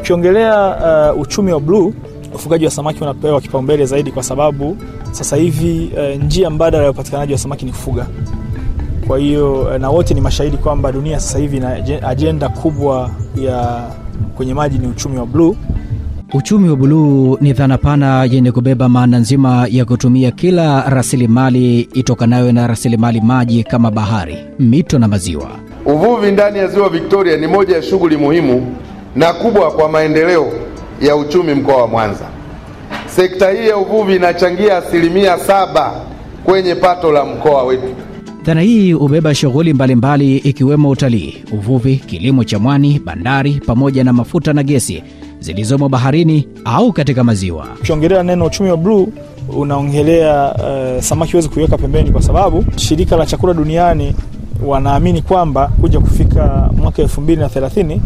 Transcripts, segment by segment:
Ukiongelea uh, uchumi wa bluu, ufugaji wa samaki unapewa kipaumbele zaidi kwa sababu sasa hivi uh, njia mbadala ya upatikanaji wa samaki ni kufuga. Kwa hiyo uh, na wote ni mashahidi kwamba dunia sasa hivi ina ajenda kubwa ya kwenye maji ni uchumi wa bluu. Uchumi wa buluu ni dhana pana yenye kubeba maana nzima ya kutumia kila rasilimali itokanayo na rasilimali maji kama bahari, mito na maziwa. Uvuvi ndani ya ziwa Victoria ni moja ya shughuli muhimu na kubwa kwa maendeleo ya uchumi mkoa wa Mwanza. Sekta hii ya uvuvi inachangia asilimia saba kwenye pato la mkoa wetu. Dhana hii hubeba shughuli mbalimbali ikiwemo utalii, uvuvi, kilimo cha mwani, bandari pamoja na mafuta na gesi zilizomo baharini au katika maziwa. Ukiongelea neno uchumi wa bluu unaongelea uh, samaki huwezi kuiweka pembeni, kwa sababu shirika la chakula duniani wanaamini kwamba kuja kufika mwaka elfu mbili na thelathini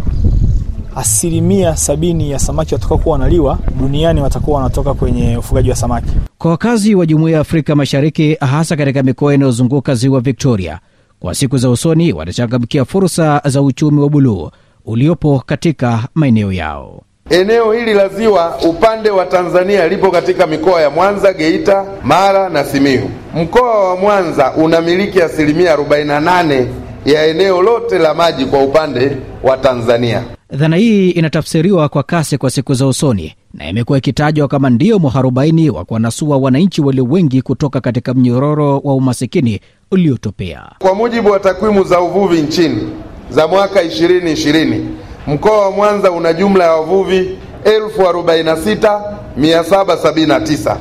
asilimia sabini ya samaki watakaokuwa wanaliwa duniani watakuwa wanatoka kwenye ufugaji wa samaki. Kwa wakazi wa jumuiya ya Afrika Mashariki, hasa katika mikoa inayozunguka ziwa Victoria, kwa siku za usoni watachangamkia fursa za uchumi wa buluu uliopo katika maeneo yao. Eneo hili la ziwa upande wa Tanzania lipo katika mikoa ya Mwanza, Geita, Mara na Simiyu. Mkoa wa Mwanza unamiliki asilimia 48 ya eneo lote la maji kwa upande wa Tanzania. Dhana hii inatafsiriwa kwa kasi kwa siku za usoni na imekuwa ikitajwa kama ndiyo mwarobaini wa kuwanasua wananchi walio wengi kutoka katika mnyororo wa umasikini uliotopea. Kwa mujibu wa takwimu za uvuvi nchini za mwaka 2020 Mkoa wa Mwanza una jumla ya wavuvi 46779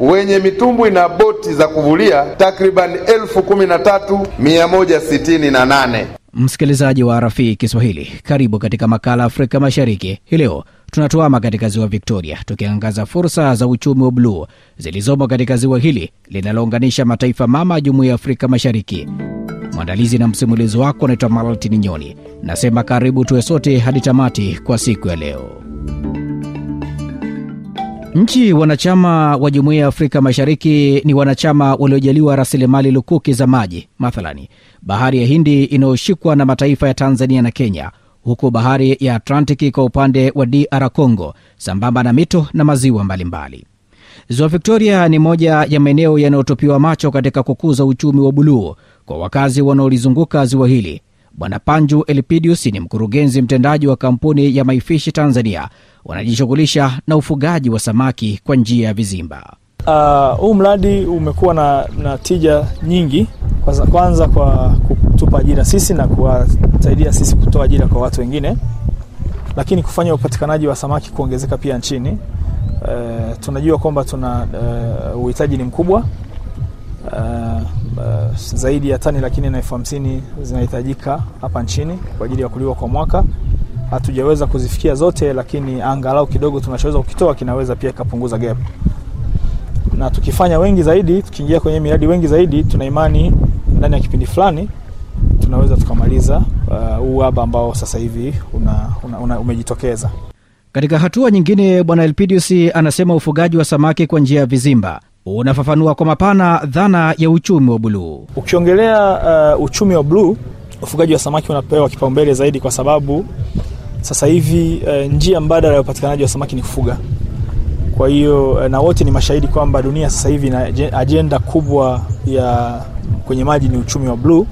wenye mitumbwi na boti za kuvulia takriban 13168. Msikilizaji wa rafiki Kiswahili, karibu katika makala Afrika Mashariki. Hii leo tunatuama katika ziwa Victoria, tukiangaza fursa za uchumi wa bluu zilizomo katika ziwa hili linalounganisha mataifa mama ya Jumuiya ya Afrika Mashariki. Mwandalizi na msimulizi wako anaitwa Martin Nyoni. Nasema karibu tuwe sote hadi tamati kwa siku ya leo. Nchi wanachama wa Jumuiya ya Afrika Mashariki ni wanachama waliojaliwa rasilimali lukuki za maji, mathalani bahari ya Hindi inayoshikwa na mataifa ya Tanzania na Kenya, huku bahari ya Atlantiki kwa upande wa DR Congo, sambamba na mito na maziwa mbalimbali Ziwa Victoria ni moja ya maeneo yanayotupiwa macho katika kukuza uchumi wa buluu kwa wakazi wanaolizunguka ziwa hili Bwana Panju Elpidius ni mkurugenzi mtendaji wa kampuni ya Maifishi Tanzania, wanajishughulisha na ufugaji wa samaki kwa njia ya vizimba. Ah, huu uh, mradi umekuwa na, na tija nyingi, kwanza, kwanza kwa kutupa ajira sisi na kuwasaidia sisi kutoa ajira kwa watu wengine, lakini kufanya upatikanaji wa samaki kuongezeka pia nchini. Uh, tunajua kwamba tuna uh, uhitaji ni mkubwa uh, uh, zaidi ya tani laki na elfu hamsini zinahitajika hapa nchini kwa ajili ya kuliwa kwa mwaka. Hatujaweza kuzifikia zote, lakini angalau kidogo tunachoweza kukitoa kinaweza pia ikapunguza gap, na tukifanya wengi zaidi, tukiingia kwenye miradi wengi zaidi, tuna imani ndani ya kipindi fulani tunaweza tukamaliza uh, uhaba ambao sasa hivi una, una, una, umejitokeza. Katika hatua nyingine, Bwana Elpidius anasema ufugaji wa samaki kwa njia ya vizimba unafafanua kwa mapana dhana ya uchumi wa buluu. Ukiongelea uh, uchumi wa buluu, ufugaji wa samaki unapewa kipaumbele zaidi kwa sababu sasa hivi uh, njia mbadala ya upatikanaji wa samaki ni kufuga. Kwa hiyo uh, na wote ni mashahidi kwamba dunia sasa hivi ina ajenda kubwa ya kwenye maji ni uchumi wa bluu,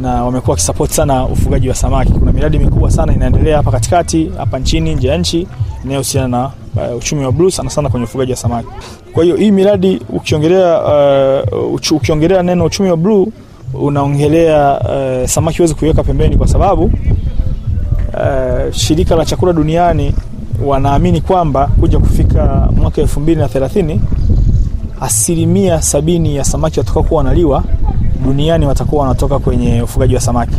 na wamekuwa wakisapoti sana ufugaji wa samaki. Kuna miradi mikubwa sana inaendelea hapa katikati, hapa nchini, nje ya nchi, inayohusiana na uh, uchumi wa bluu, sana sana kwenye ufugaji wa samaki. Kwa hiyo hii miradi ukiongelea, uh, ukiongelea neno uchumi wa bluu unaongelea uh, samaki huwezi kuiweka pembeni, kwa sababu uh, shirika la chakula duniani wanaamini kwamba kuja kufika mwaka elfu mbili na thelathini asilimia sabini ya samaki watakaokuwa wanaliwa duniani watakuwa wanatoka kwenye ufugaji wa samaki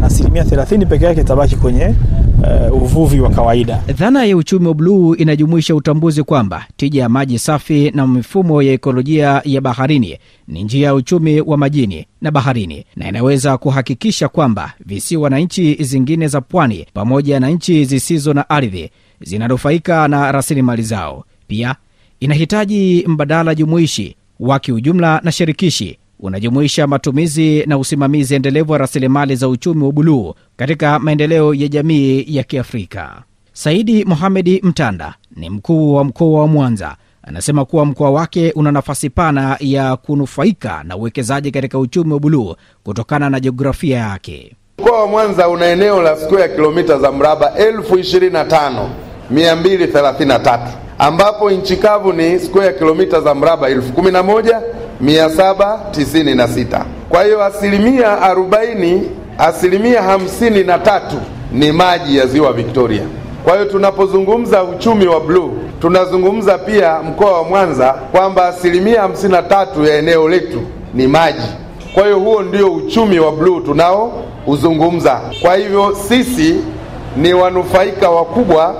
na asilimia thelathini peke yake itabaki kwenye uh, uvuvi wa kawaida. Dhana ya uchumi wa bluu inajumuisha utambuzi kwamba tija ya maji safi na mifumo ya ekolojia ya baharini ni njia ya uchumi wa majini na baharini na inaweza kuhakikisha kwamba visiwa na nchi zingine za pwani pamoja na nchi zisizo na ardhi zinanufaika na rasilimali zao. Pia inahitaji mbadala jumuishi wa kiujumla na shirikishi unajumuisha matumizi na usimamizi endelevu wa rasilimali za uchumi wa buluu katika maendeleo ya jamii ya Kiafrika. Saidi Mohamedi Mtanda ni mkuu wa mkoa wa Mwanza. Anasema kuwa mkoa wake una nafasi pana ya kunufaika na uwekezaji katika uchumi wa buluu kutokana na jiografia yake. Mkoa wa Mwanza una eneo la siku ya kilomita za mraba elfu ishirini na tano mia mbili thelathini na tatu ambapo nchi kavu ni siku ya kilomita za mraba elfu kumi na moja 796. Kwa hiyo asilimia arobaini, asilimia hamsini na tatu ni maji ya ziwa Victoria. Kwa hiyo tunapozungumza uchumi wa bluu tunazungumza pia mkoa wa Mwanza kwamba asilimia hamsini na tatu ya eneo letu ni maji. Kwa hiyo huo ndio uchumi wa bluu uzungumza. Kwa hivyo sisi ni wanufaika wakubwa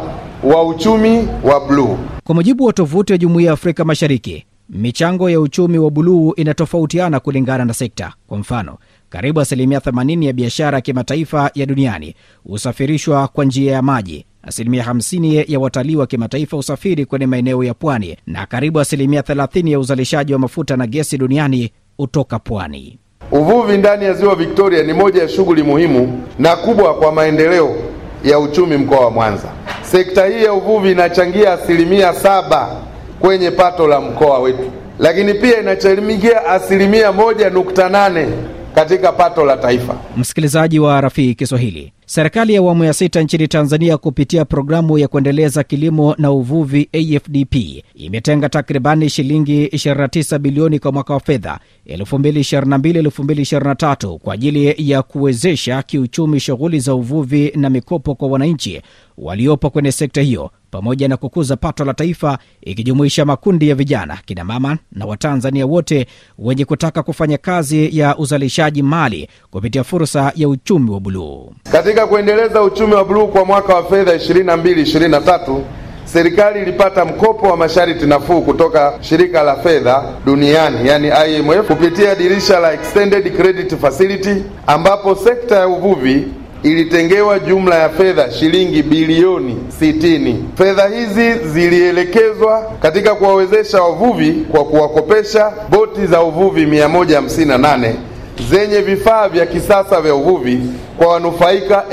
wa uchumi wa bluu. Kwa mujibu wa tovuti ya Jumuiya ya Afrika Mashariki, Michango ya uchumi wa buluu inatofautiana kulingana na sekta. Kwa mfano, karibu asilimia 80 ya biashara ya kimataifa ya duniani husafirishwa kwa njia ya maji. Asilimia 50 ya watalii wa kimataifa husafiri kwenye maeneo ya pwani na karibu asilimia 30 ya uzalishaji wa mafuta na gesi duniani hutoka pwani. Uvuvi ndani ya ziwa Victoria ni moja ya shughuli muhimu na kubwa kwa maendeleo ya uchumi mkoa wa Mwanza. Sekta hii ya uvuvi inachangia asilimia saba kwenye pato la mkoa wetu, lakini pia inachangia asilimia moja nukta nane katika pato la taifa. Msikilizaji wa Rafii Kiswahili, serikali ya awamu ya sita nchini Tanzania kupitia programu ya kuendeleza kilimo na uvuvi AFDP imetenga takribani shilingi 29 bilioni kwa mwaka wa fedha 2022/2023 kwa ajili ya kuwezesha kiuchumi shughuli za uvuvi na mikopo kwa wananchi waliopo kwenye sekta hiyo pamoja na kukuza pato la taifa ikijumuisha makundi ya vijana, kinamama na Watanzania wote wenye kutaka kufanya kazi ya uzalishaji mali kupitia fursa ya uchumi wa buluu. Katika kuendeleza uchumi wa buluu kwa mwaka wa fedha 22/23 serikali ilipata mkopo wa masharti nafuu kutoka shirika la fedha duniani yani IMF kupitia dirisha la Extended Credit Facility ambapo sekta ya uvuvi ilitengewa jumla ya fedha shilingi bilioni sitini. Fedha hizi zilielekezwa katika kuwawezesha wavuvi kwa kuwakopesha boti za uvuvi 158 zenye vifaa vya kisasa vya uvuvi kwa wanufaika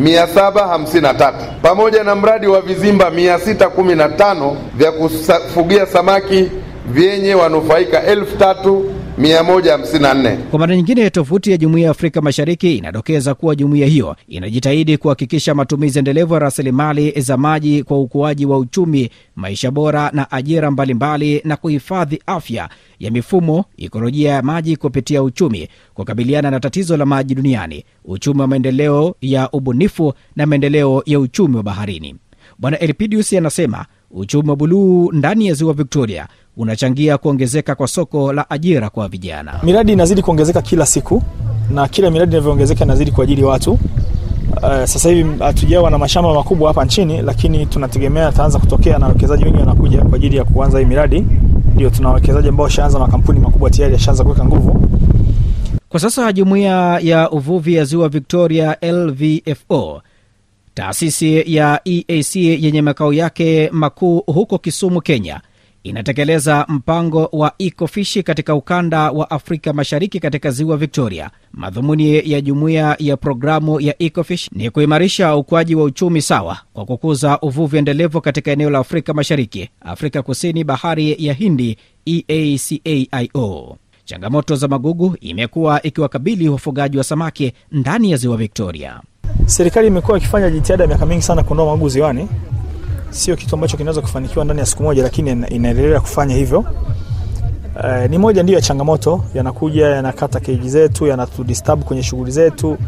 2753 pamoja na mradi wa vizimba 615 vya kufugia samaki vyenye wanufaika elfu tatu 154. Kwa mara nyingine, tovuti ya Jumuiya ya Afrika Mashariki inadokeza kuwa jumuiya hiyo inajitahidi kuhakikisha matumizi endelevu ya rasilimali za maji kwa ukuaji wa uchumi, maisha bora na ajira mbalimbali mbali, na kuhifadhi afya ya mifumo, ikolojia ya maji kupitia uchumi, kukabiliana na tatizo la maji duniani, uchumi wa maendeleo ya ubunifu na maendeleo ya uchumi wa baharini. Bwana Elpidius anasema Uchumi wa buluu ndani ya ziwa Victoria unachangia kuongezeka kwa soko la ajira kwa vijana. Miradi inazidi kuongezeka kila siku na kila miradi inavyoongezeka inazidi kuajiri watu. Uh, sasa hivi hatujawa na mashamba makubwa hapa nchini, lakini tunategemea ataanza kutokea na wawekezaji wengi wanakuja kwa ajili ya kuanza hii miradi. Ndio, tuna wawekezaji ambao washaanza, makampuni makubwa tayari yashaanza kuweka nguvu. Kwa sasa jumuiya ya uvuvi ya ziwa Victoria LVFO Taasisi ya EAC yenye makao yake makuu huko Kisumu, Kenya, inatekeleza mpango wa ikofishi katika ukanda wa Afrika Mashariki katika ziwa Victoria. Madhumuni ya jumuiya ya programu ya Ecofish ni kuimarisha ukuaji wa uchumi sawa kwa kukuza uvuvi endelevu katika eneo la Afrika Mashariki, Afrika Kusini, bahari ya Hindi, EACAIO. Changamoto za magugu imekuwa ikiwakabili wafugaji wa samaki ndani ya ziwa Victoria. Serikali imekuwa ikifanya jitihada miaka mingi sana kuondoa magugu ziwani. Sio kitu ambacho kinaweza kufanikiwa ndani ya siku moja, lakini inaendelea kufanya hivyo. E, ni moja ndio ya changamoto, yanakuja yanakata keji zetu, yanatudisturb kwenye shughuli zetu.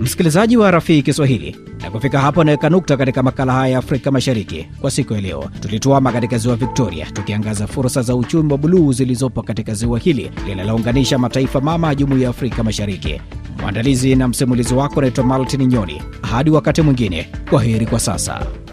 Msikilizaji wa rafiki Kiswahili, na kufika hapo naweka nukta katika makala haya ya Afrika Mashariki kwa siku ya leo. Tulituama katika ziwa Victoria, tukiangaza fursa za uchumi wa buluu zilizopo katika ziwa hili linalounganisha mataifa mama ya Jumuiya ya Afrika Mashariki. Mwandalizi na msimulizi wako anaitwa Maltin Nyoni. Hadi wakati mwingine, kwa heri kwa sasa.